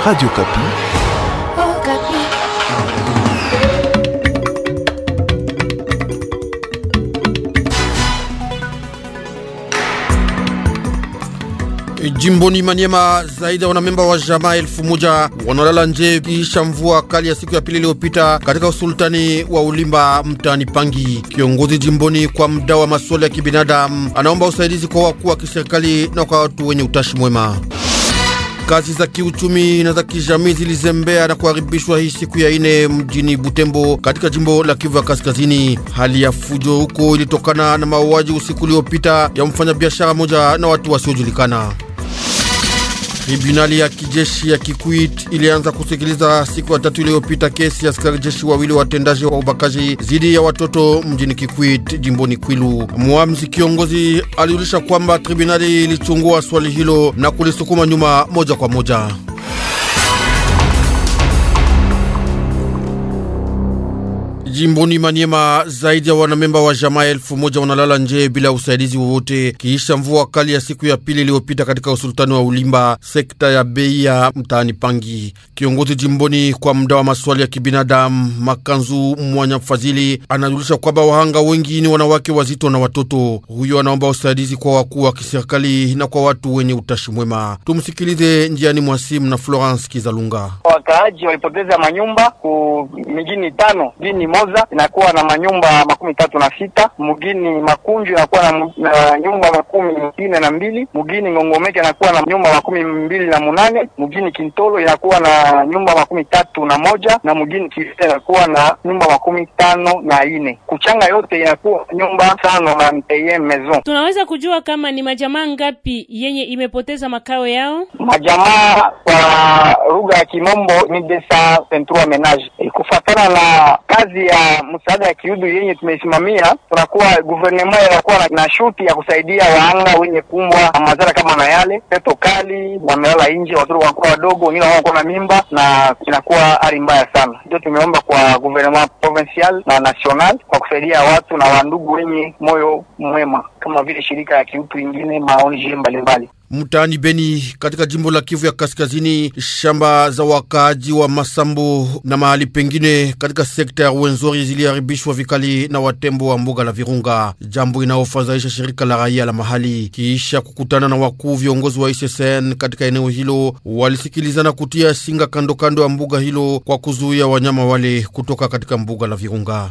Radio Kapi. Oh, Kapi. Jimboni Maniema zaidi wana memba wa jamaa elfu moja wanalala nje kisha mvua kali ya siku ya pili iliyopita katika usultani wa Ulimba mtaani Pangi. Kiongozi jimboni kwa mda wa masuala ya kibinadamu anaomba usaidizi kwa wakuu wa kiserikali na kwa watu wenye utashi mwema. Kazi za kiuchumi na za kijamii zilizembea na kuharibishwa hii siku ya ine mjini Butembo katika jimbo la Kivu ya Kaskazini. Hali ya fujo huko ilitokana na mauaji usiku uliopita ya mfanyabiashara moja na watu wasiojulikana. Tribunali ya kijeshi ya Kikwit ilianza kusikiliza siku ya tatu iliyopita kesi ya askari jeshi wawili watendaji wa ubakaji dhidi ya watoto mjini Kikwit jimboni Kwilu. Mwamzi kiongozi aliulisha kwamba tribunali ilichungua swali hilo na kulisukuma nyuma moja kwa moja. Jimboni manyema zaidi ya wanamemba wa jamaa elfu moja wanalala nje bila usaidizi wowote kiisha mvua kali ya siku ya pili iliyopita katika usultani wa Ulimba, sekta ya Beia, mtaani Pangi. Kiongozi jimboni kwa muda wa maswali ya kibinadamu Makanzu Mwanya Fadhili anajulisha kwamba wahanga wengi ni wanawake wazito na watoto. Huyo anaomba usaidizi kwa wakuu wa kiserikali na kwa watu wenye utashi mwema. Tumsikilize njiani mwasimu na Florence Kizalunga. Wakaaji walipoteza manyumba ku mijini tano dini moja Buza inakuwa na manyumba makumi tatu na sita mugini Makunju inakuwa na, na nyumba makumi ine na mbili mugini Ngongomeke inakuwa na nyumba makumi mbili na munane mugini Kintolo inakuwa na nyumba makumi tatu na moja na mugini Kivita inakuwa na nyumba makumi tano na ine kuchanga yote inakuwa nyumba tano na mteye mezo Tunaweza kujua kama ni majamaa ngapi yenye imepoteza makao yao? Majamaa kwa lugha ya Kimombo ni desa sentrua menage kufatana na kazi ya msaada ya kiudu yenye tumeisimamia, tunakuwa guvernema inakuwa na shuti ya kusaidia waanga wenye kumbwa madhara kama na yale peto kali, wamelala nje, watoto wanakuwa wadogo, wengine wanakuwa na mimba, na inakuwa hali mbaya sana. Ndio tumeomba kwa guvernema provincial na national kwa kusaidia watu na wandugu wenye moyo mwema kama vile shirika ya kiutu ingine maonje mbalimbali mtaani Beni katika jimbo la Kivu ya Kaskazini, shamba za wakaaji wa Masambo na mahali pengine katika sekta ya Wenzori ziliharibishwa vikali na watembo wa mbuga la Virunga, jambo inayofadhaisha shirika la raia la mahali. Kiisha kukutana na wakuu viongozi wa ICCN katika eneo hilo, walisikilizana kutia singa kando kando ya mbuga hilo kwa kuzuia wanyama wale kutoka katika mbuga la Virunga.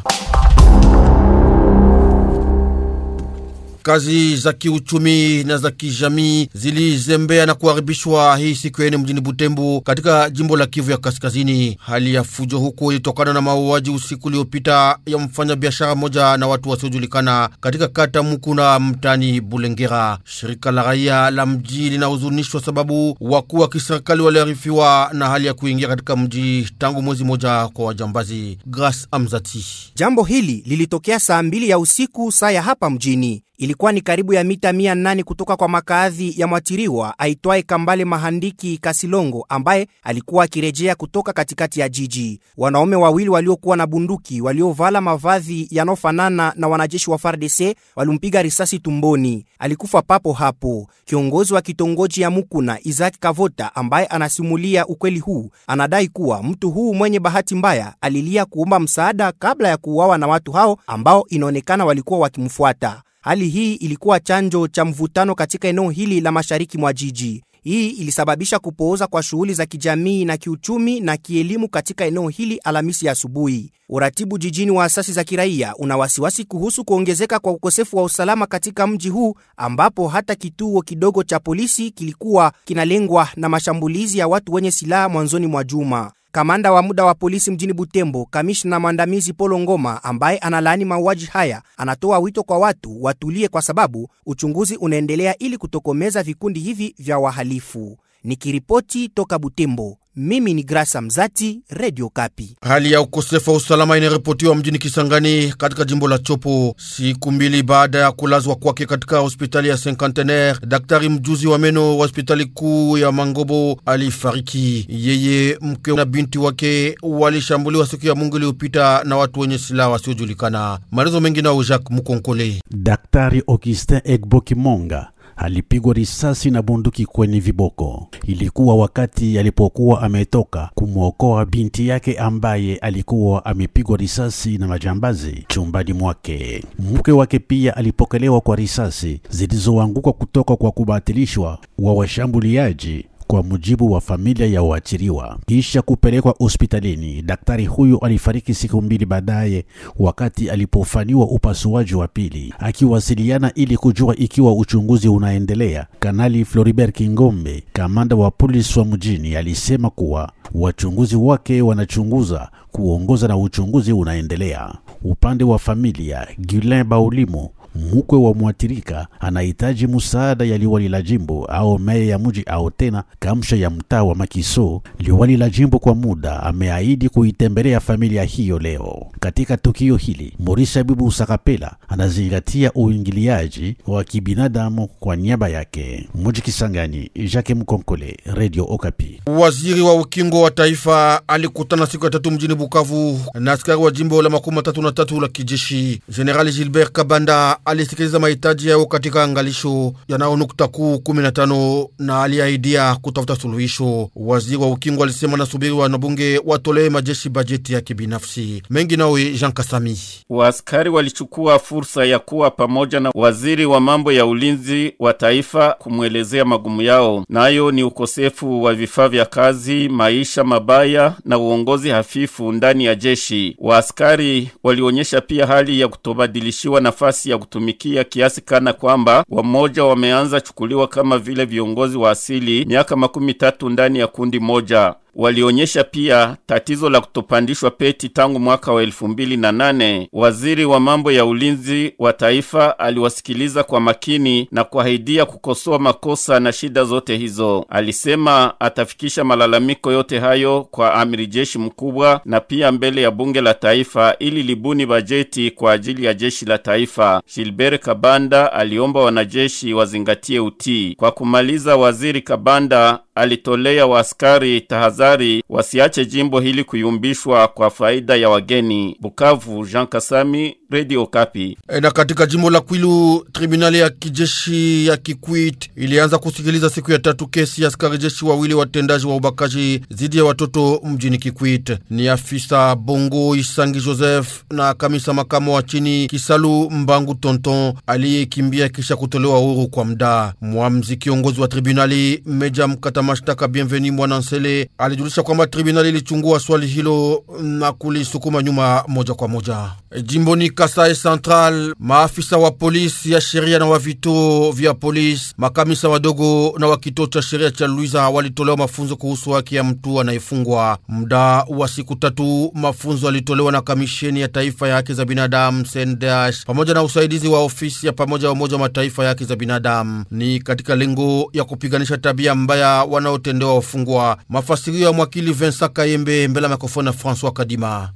Kazi za kiuchumi na za kijamii zilizembea na kuharibishwa hii siku ya mjini Butembo katika jimbo la Kivu ya Kaskazini. Hali ya fujo huko ilitokana na mauaji usiku uliopita ya mfanya biashara moja na watu wasiojulikana katika kata Mukuna mtani Bulengera. Shirika la raia la mji linahuzunishwa sababu wakuu wa kiserikali waliharifiwa na hali ya kuingia katika mji tangu mwezi moja kwa wajambazi. gras Amzati. Jambo hili lilitokea saa mbili ya usiku saa ya hapa mjini ilikuwa ni karibu ya mita 800 kutoka kwa makaadhi ya mwathiriwa aitwaye Kambale Mahandiki Kasilongo ambaye alikuwa akirejea kutoka katikati ya jiji. Wanaume wawili waliokuwa na bunduki waliovala mavazi yanayofanana na wanajeshi wa FARDC walimpiga risasi tumboni. Alikufa papo hapo. Kiongozi wa kitongoji ya Mukuna Isaac Kavota ambaye anasimulia ukweli huu anadai kuwa mtu huu mwenye bahati mbaya alilia kuomba msaada kabla ya kuuawa na watu hao ambao inaonekana walikuwa wakimfuata. Hali hii ilikuwa chanjo cha mvutano katika eneo hili la mashariki mwa jiji. Hii ilisababisha kupooza kwa shughuli za kijamii na kiuchumi na kielimu katika eneo hili Alhamisi asubuhi. Uratibu jijini wa asasi za kiraia una wasiwasi kuhusu kuongezeka kwa ukosefu wa usalama katika mji huu ambapo hata kituo kidogo cha polisi kilikuwa kinalengwa na mashambulizi ya watu wenye silaha mwanzoni mwa juma. Kamanda wa muda wa polisi mjini Butembo, kamishna mwandamizi Polo Ngoma, ambaye analaani mauaji haya, anatoa wito kwa watu watulie, kwa sababu uchunguzi unaendelea ili kutokomeza vikundi hivi vya wahalifu. Nikiripoti toka Butembo, mimi ni Grasa Mzati, Radio Kapi. Hali ya ukosefu wa usalama inaripotiwa mjini Kisangani katika jimbo la Chopo, siku mbili baada ya kulazwa kwake katika hospitali ya Cinquantenaire. Daktari mjuzi wa meno wa hospitali kuu ya Mangobo alifariki. Yeye, mke na binti wake walishambuliwa siku ya Mungu iliyopita na watu wenye silaha wasiojulikana. Maelezo mengi nao Jacques Mukonkole. Daktari Augustin Egbokimonga alipigwa risasi na bunduki kwenye viboko. Ilikuwa wakati alipokuwa ametoka kumwokoa binti yake ambaye alikuwa amepigwa risasi na majambazi chumbani mwake. Mke wake pia alipokelewa kwa risasi zilizoanguka kutoka kwa kubatilishwa wa washambuliaji kwa mujibu wa familia ya uachiriwa, kisha kupelekwa hospitalini. Daktari huyu alifariki siku mbili baadaye wakati alipofanyiwa upasuaji wa pili. Akiwasiliana ili kujua ikiwa uchunguzi unaendelea, Kanali Floribert Kingombe, kamanda wa polisi wa mjini, alisema kuwa wachunguzi wake wanachunguza kuongoza na uchunguzi unaendelea. Upande wa familia, Gulin Baulimo mkwe wa mwathirika anahitaji msaada ya liwali la jimbo au meya ya mji au tena kamsha ya mtaa wa Makiso. Liwali la jimbo kwa muda ameahidi kuitembelea familia hiyo leo. Katika tukio hili, Morisha Bibu Usakapela anazingatia uingiliaji wa kibinadamu kwa niaba yake. Mji Kisangani, Jacques Mkonkole, Radio Okapi. Waziri wa ukingo wa taifa alikutana siku ya tatu mjini Bukavu na askari wa jimbo la makumi matatu na tatu la kijeshi General Gilbert Kabanda alisikiliza mahitaji yao katika angalisho yanayo nukta kuu kumi na tano na aliahidia kutafuta suluhisho. Waziri wa ukingo alisema nasubiri wanabunge watolee majeshi bajeti ya kibinafsi mengi. Nawe Jean Kasami, waaskari walichukua fursa ya kuwa pamoja na waziri wa mambo ya ulinzi wa taifa kumwelezea magumu yao, nayo ni ukosefu wa vifaa vya kazi, maisha mabaya na uongozi hafifu ndani ya jeshi. Waaskari walionyesha pia hali ya kutobadilishiwa nafasi ya kutumikia kiasi kana kwamba wamoja wameanza chukuliwa kama vile viongozi wa asili miaka makumi tatu ndani ya kundi moja. Walionyesha pia tatizo la kutopandishwa peti tangu mwaka wa elfu mbili na nane. Waziri wa mambo ya ulinzi wa taifa aliwasikiliza kwa makini na kuahidia kukosoa makosa na shida zote hizo. Alisema atafikisha malalamiko yote hayo kwa amiri jeshi mkubwa na pia mbele ya bunge la taifa ili libuni bajeti kwa ajili ya jeshi la taifa. Gilbert Kabanda aliomba wanajeshi wazingatie utii. Kwa kumaliza, waziri Kabanda alitolea waaskari tahadhari Wazari wasiache jimbo hili kuyumbishwa kwa faida ya wageni. Bukavu, Jean Kasami, Radio Kapi. E, na katika jimbo la Kwilu, tribunali ya kijeshi ya Kikwit ilianza kusikiliza siku ya tatu kesi ya askari jeshi wawili watendaji wa ubakaji dhidi ya watoto mjini Kikwit. Ni afisa Bongo Isangi Joseph na kamisa makamo wa chini Kisalu Mbangu Tonton aliyekimbia kisha kutolewa huru kwa mda. Mwamzi kiongozi wa tribunali meja mkata mashtaka Bienveni Mwana Nsele alijulisha kwamba tribunali ilichungua swali hilo na kulisukuma nyuma moja kwa moja. Jimboni Kasai Central, maafisa wa polisi ya sheria na wa vituo vya polisi, makamisa wadogo na wa kituo cha sheria cha Luiza walitolewa mafunzo kuhusu haki ya mtu anayefungwa. Muda wa siku tatu, mafunzo yalitolewa na Kamisheni ya Taifa ya Haki za Binadamu SENDEASH pamoja na usaidizi wa ofisi ya pamoja ya Umoja wa Mataifa ya Haki za Binadamu. Ni katika lengo ya kupiganisha tabia mbaya wanaotendewa wafungwa. mafasiri Mashauri ya mwakili Vincent Kayembe mbele ya mikrofoni François Kadima.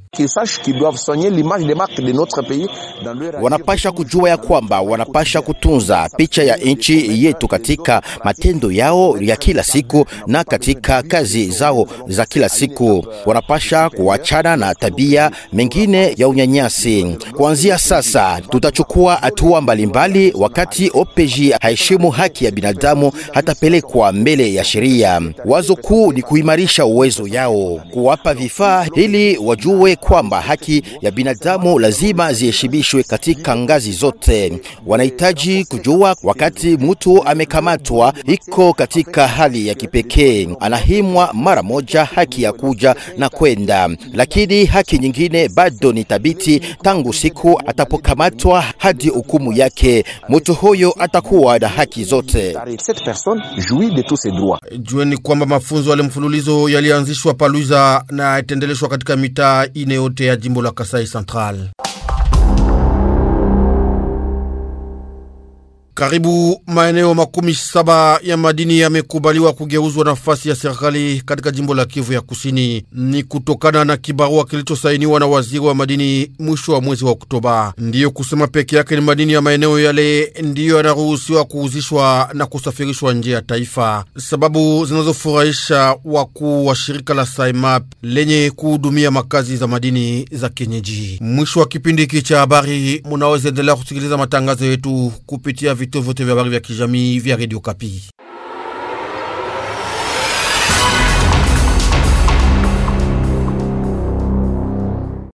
Wanapasha kujua ya kwamba wanapasha kutunza picha ya nchi yetu katika matendo yao ya kila siku na katika kazi zao za kila siku. Wanapasha kuachana na tabia mengine ya unyanyasi. Kuanzia sasa, tutachukua hatua mbalimbali. Wakati opeji haheshimu haki ya binadamu, hatapelekwa mbele ya sheria. Wazo kuu ni kuimarisha kuonyesha uwezo yao, kuwapa vifaa ili wajue kwamba haki ya binadamu lazima ziheshimishwe katika ngazi zote. Wanahitaji kujua wakati mtu amekamatwa iko katika hali ya kipekee, anahimwa mara moja haki ya kuja na kwenda, lakini haki nyingine bado ni thabiti tangu siku atapokamatwa hadi hukumu yake. Mtu huyo atakuwa na haki zote. Jueni kwamba mafunzo alimfululizo yalianzishwa Paluiza na yatendeleshwa katika mitaa ine yote ya jimbo la Kasai Central. Karibu maeneo makumi saba ya madini yamekubaliwa kugeuzwa nafasi ya serikali katika jimbo la Kivu ya Kusini. Ni kutokana na kibarua kilichosainiwa na waziri wa madini mwisho wa mwezi wa Oktoba. Ndiyo kusema peke yake ni madini ya maeneo yale ndiyo yanaruhusiwa kuuzishwa na kusafirishwa nje ya taifa, sababu zinazofurahisha wakuu wa shirika la SIMAP lenye kuhudumia makazi za madini za kienyeji. Mwisho wa kipindi hiki cha habari, munaweza endelea kusikiliza matangazo yetu kupitia Victor Votevabari vya kijamii via Radio Kapi.